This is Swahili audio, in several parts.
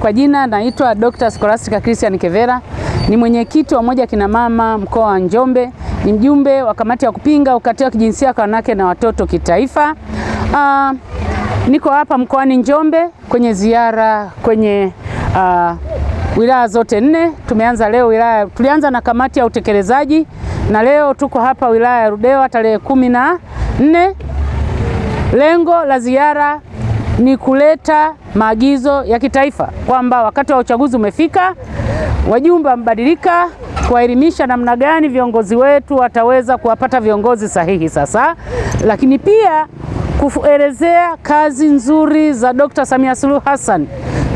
Kwa jina naitwa Dr. Scholastica Christian Kevera, ni mwenyekiti wa moja Kina Mama mkoa wa Njombe, ni mjumbe wa kamati ya kupinga ukatili wa kijinsia kwa wanawake na watoto kitaifa. Uh, niko hapa mkoani Njombe kwenye ziara kwenye uh, wilaya zote nne. Tumeanza leo wilaya, tulianza na kamati ya utekelezaji na leo tuko hapa wilaya ya Ludewa tarehe kumi na nne. Lengo la ziara ni kuleta maagizo ya kitaifa kwamba wakati wa uchaguzi umefika, wajumbe wamebadilika, kuwaelimisha namna gani viongozi wetu wataweza kuwapata viongozi sahihi sasa, lakini pia kuelezea kazi nzuri za Dr. Samia Suluhu Hassan.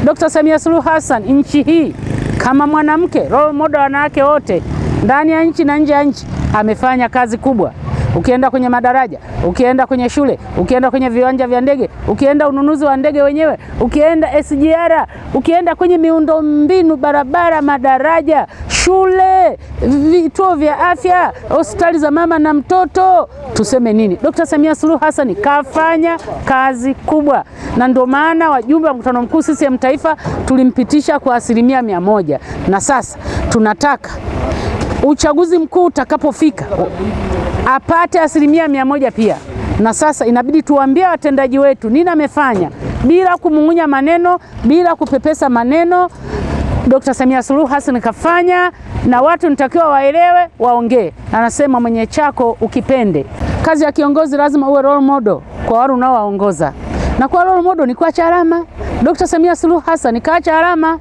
Dr. Samia Suluhu Hassan nchi hii kama mwanamke role model, wanawake wote ndani ya nchi na nje ya nchi, amefanya kazi kubwa ukienda kwenye madaraja, ukienda kwenye shule, ukienda kwenye viwanja vya ndege, ukienda ununuzi wa ndege wenyewe, ukienda SGR, ukienda kwenye miundombinu, barabara, madaraja, shule, vituo vya afya, hospitali za mama na mtoto, tuseme nini? Dkt. Samia Suluhu Hassan kafanya kazi kubwa, na ndio maana wajumbe wa mkutano mkuu CCM taifa tulimpitisha kwa asilimia mia moja, na sasa tunataka uchaguzi mkuu utakapofika apate asilimia mia moja pia. Na sasa inabidi tuwaambie watendaji wetu nini amefanya, bila kumung'unya maneno, bila kupepesa maneno. Dkt. Samia Suluhu Hassan kafanya, na watu nitakiwa waelewe, waongee. Anasema mwenye chako ukipende. Kazi ya kiongozi lazima uwe role model kwa wale unaowaongoza, na kwa role model ni kuacha alama. Dkt. Samia Suluhu Hassan kaacha alama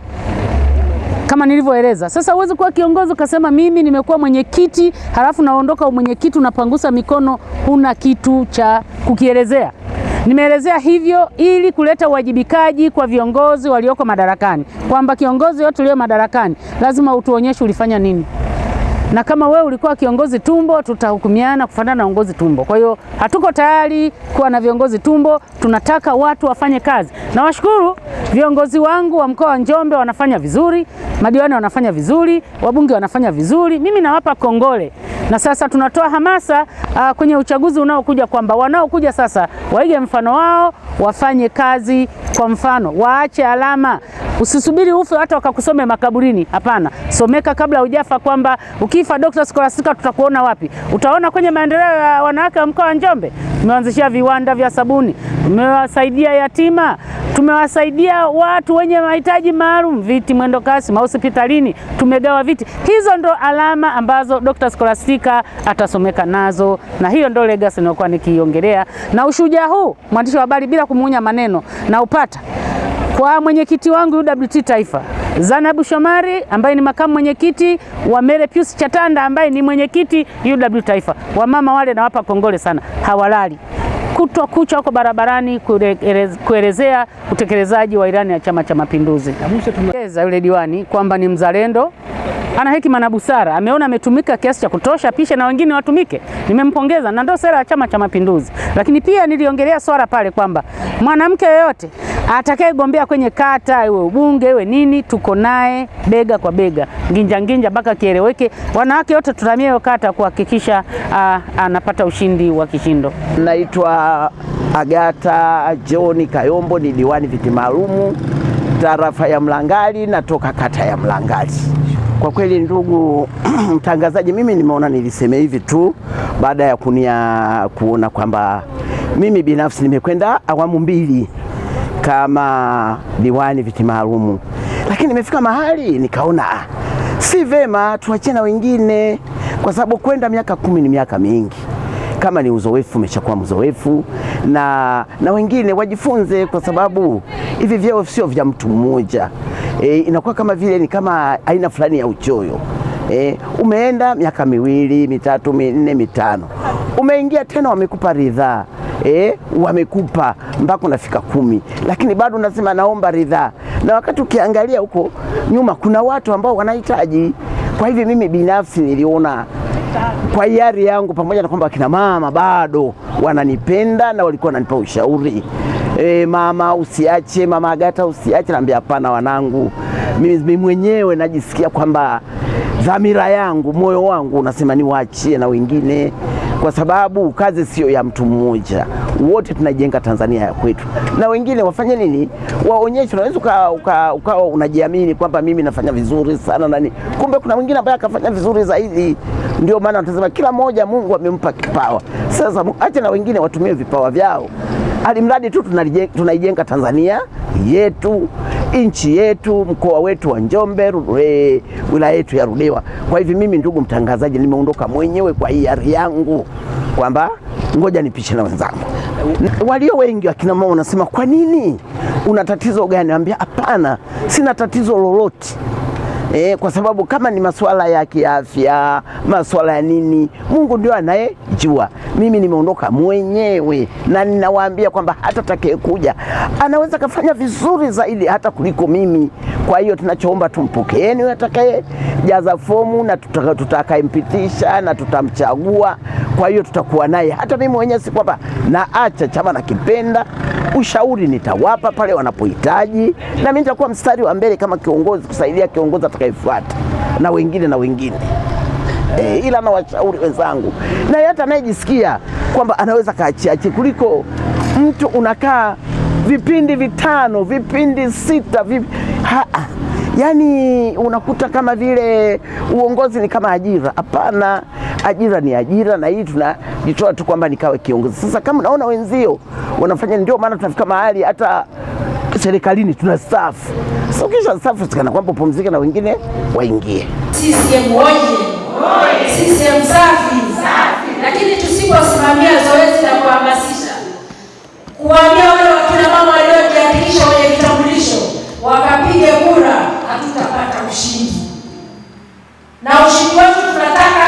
kama nilivyoeleza. Sasa huwezi kuwa kiongozi ukasema mimi nimekuwa mwenyekiti halafu naondoka umwenyekiti, unapangusa mikono, huna kitu cha kukielezea. Nimeelezea hivyo ili kuleta uwajibikaji kwa viongozi walioko madarakani, kwamba kiongozi yote ulio madarakani lazima utuonyeshe ulifanya nini na kama wewe ulikuwa kiongozi tumbo, tutahukumiana kufanana na uongozi tumbo. Kwa hiyo hatuko tayari kuwa na viongozi tumbo, tunataka watu wafanye kazi. Na washukuru viongozi wangu wa mkoa wa Njombe wanafanya vizuri, madiwani wanafanya vizuri, wabunge wanafanya vizuri, mimi nawapa kongole. Na sasa tunatoa hamasa uh, kwenye uchaguzi unaokuja kwamba wanaokuja sasa waige mfano wao wafanye kazi. Kwa mfano, waache alama. Usisubiri ufe hata wakakusome makaburini. Hapana, someka kabla hujafa, kwamba ukifa Dr. Scholastica tutakuona wapi? Utaona kwenye maendeleo ya wanawake wa mkoa wa Njombe. Tumewaanzishia viwanda vya sabuni, tumewasaidia yatima, tumewasaidia watu wenye mahitaji maalum, viti mwendo kasi, mahospitalini tumegawa viti. Hizo ndo alama ambazo Dr. Scholastica atasomeka nazo, na hiyo ndo legacy ninayokuwa nikiongelea, na ushujaa huu mwandishi wa habari bila kumunya maneno na upata kwa mwenyekiti wangu UWT Taifa Zanabu Shomari ambaye ni makamu mwenyekiti wa Mere Pius Chatanda ambaye ni mwenyekiti UW Taifa. Wamama wale nawapa kongole sana, hawalali kutwa kucha, huko barabarani kuelezea utekelezaji wa ilani ya Chama cha Mapinduzi. Yule diwani kwamba ni mzalendo ana hekima na busara, ameona ametumika kiasi cha kutosha, pisha na wengine watumike. Nimempongeza na ndio sera ya Chama cha Mapinduzi. Lakini pia niliongelea swala pale kwamba mwanamke yoyote atakayegombea kwenye kata, iwe ubunge, iwe nini, tuko naye bega kwa bega, nginja nginja, mpaka kieleweke. Wanawake wote tutamia hiyo kata kuhakikisha ah, anapata ushindi wa kishindo. Naitwa Agata John Kayombo, ni diwani viti maalumu tarafa ya Mlangali, natoka kata ya Mlangali. Kwa kweli ndugu mtangazaji, mimi nimeona niliseme hivi tu baada ya kunia kuona kwamba mimi binafsi nimekwenda awamu mbili kama diwani viti maalumu, lakini nimefika mahali nikaona si vema tuachie na wengine, kwa sababu kwenda miaka kumi ni miaka mingi. Kama ni uzoefu umeshakuwa mzoefu, na, na wengine wajifunze, kwa sababu hivi vyeo sio vya mtu mmoja e, inakuwa kama vile ni kama aina fulani ya uchoyo e, umeenda miaka miwili mitatu minne mitano, umeingia tena, wamekupa ridhaa e, eh, wamekupa mpaka unafika kumi, lakini bado unasema naomba ridhaa, na wakati ukiangalia huko nyuma kuna watu ambao wanahitaji. Kwa hivyo mimi binafsi niliona kwa hiari yangu, pamoja na kwamba wakinamama mama bado wananipenda na walikuwa wananipa ushauri e, mama usiache, mama Agata usiache. Naambia hapana, wanangu, mimi mwenyewe najisikia kwamba dhamira yangu, moyo wangu unasema niwaachie na wengine, kwa sababu kazi sio ya mtu mmoja, wote tunaijenga Tanzania ya kwetu. Na wengine wafanye nini? Waonyeshe. Unaweza ukawa uka, unajiamini kwamba mimi nafanya vizuri sana nani, kumbe kuna mwingine ambaye akafanya vizuri zaidi. Ndio maana tunasema kila mmoja Mungu amempa kipawa. Sasa acha na wengine watumie vipawa vyao alimradi tu tunaijenga Tanzania yetu, nchi yetu, mkoa wetu wa Njombe, e, wilaya yetu ya rudewa Kwa hivyo mimi, ndugu mtangazaji, nimeondoka mwenyewe kwa hiari yangu kwamba ngoja nipishe na wenzangu. Walio wengi wakina mama wanasema kwa nini, una tatizo gani? Anambia hapana, sina tatizo lolote e, kwa sababu kama ni masuala ya kiafya, masuala ya nini, Mungu ndio anayejua. Mimi nimeondoka mwenyewe, na ninawaambia kwamba hata atakayekuja anaweza kafanya vizuri zaidi hata kuliko mimi. Kwa hiyo tunachoomba tumpokeeni jaza fomu na tutakayempitisha na tutamchagua. Kwa hiyo tutakuwa naye. Hata mimi mwenyewe si kwamba naacha chama nakipenda, ushauri nitawapa pale wanapohitaji, na mimi nitakuwa mstari wa mbele kama kiongozi kusaidia kiongozi atakayefuata na wengine na wengine. E, ila na washauri wenzangu na hata anayejisikia kwamba anaweza kaachiachi kuliko mtu unakaa vipindi vitano, vipindi sita, vip... ha -ha. Yaani unakuta kama vile uongozi ni kama ajira. Hapana, ajira ni ajira, na hii tunajitoa tu kwamba nikawe kiongozi. Sasa kama unaona wenzio wanafanya, ndio maana tunafika mahali hata serikalini tuna staff. Sasa ukisha staff sikana kwamba upumzike na wengine waingie. CCM oye! CCM safi! Lakini tusiposimamia zoezi la kuhamasisha kuwaambia wale wakina mama waliojiandikisha wenye vitambulisho wakapige kura, hatutapata ushindi, na ushindi wetu tunataka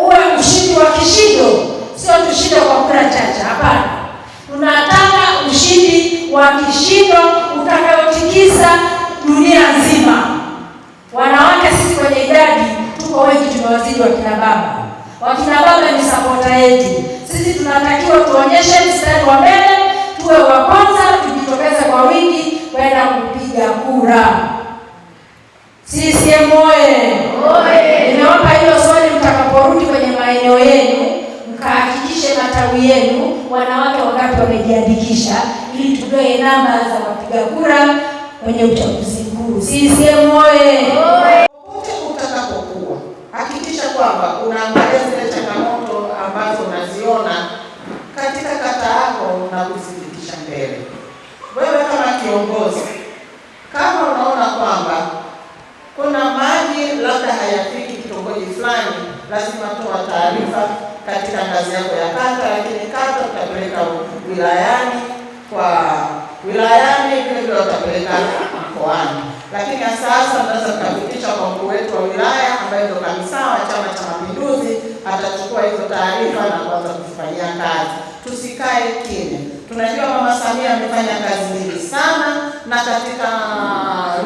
uwe ushindi wa kishindo, sio tushinde kwa kura chache. Hapana, tunataka ushindi wa kishindo utakayotikisa dunia nzima. Wanawake sisi kwenye idadi tuko wengi, tumewazidi wakina baba. Wakina baba ni sapota yetu sisi, tunatakiwa tuonyeshe mstari wa mbele tuwe wa kwanza, tujitokeze kwa wingi kwenda kupiga kura. CCM oye! Nimewapa hilo swali, mtakaporudi kwenye maeneo yenu mkahakikishe matawi yenu wanawake wangapi wamejiandikisha, ili tupewe namba za wapiga kura kwenye uchaguzi mkuu. CCM oye! Popote utakapokuwa, hakikisha kwamba unaangalia zile changamoto ambazo unaziona katika kata yako na viongozi, kama unaona kwamba kuna maji labda hayafiki kitongoji fulani, lazima toa taarifa katika ngazi yako ya kata, lakini kata utapeleka wilayani, kwa wilayani vile vile utapeleka mkoani. Lakini sasa unaweza tukapitisha kwa mkuu wetu wa wilaya ambaye ndio kamisa wa Chama cha Mapinduzi, atachukua hizo taarifa na kuanza kufanyia kazi. Tusikae kimya. Tunajua Mama Samia amefanya kazi nyingi sana, na katika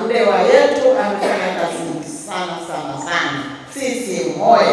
Ludewa yetu amefanya kazi nyingi sana sana sana. Sisi moyo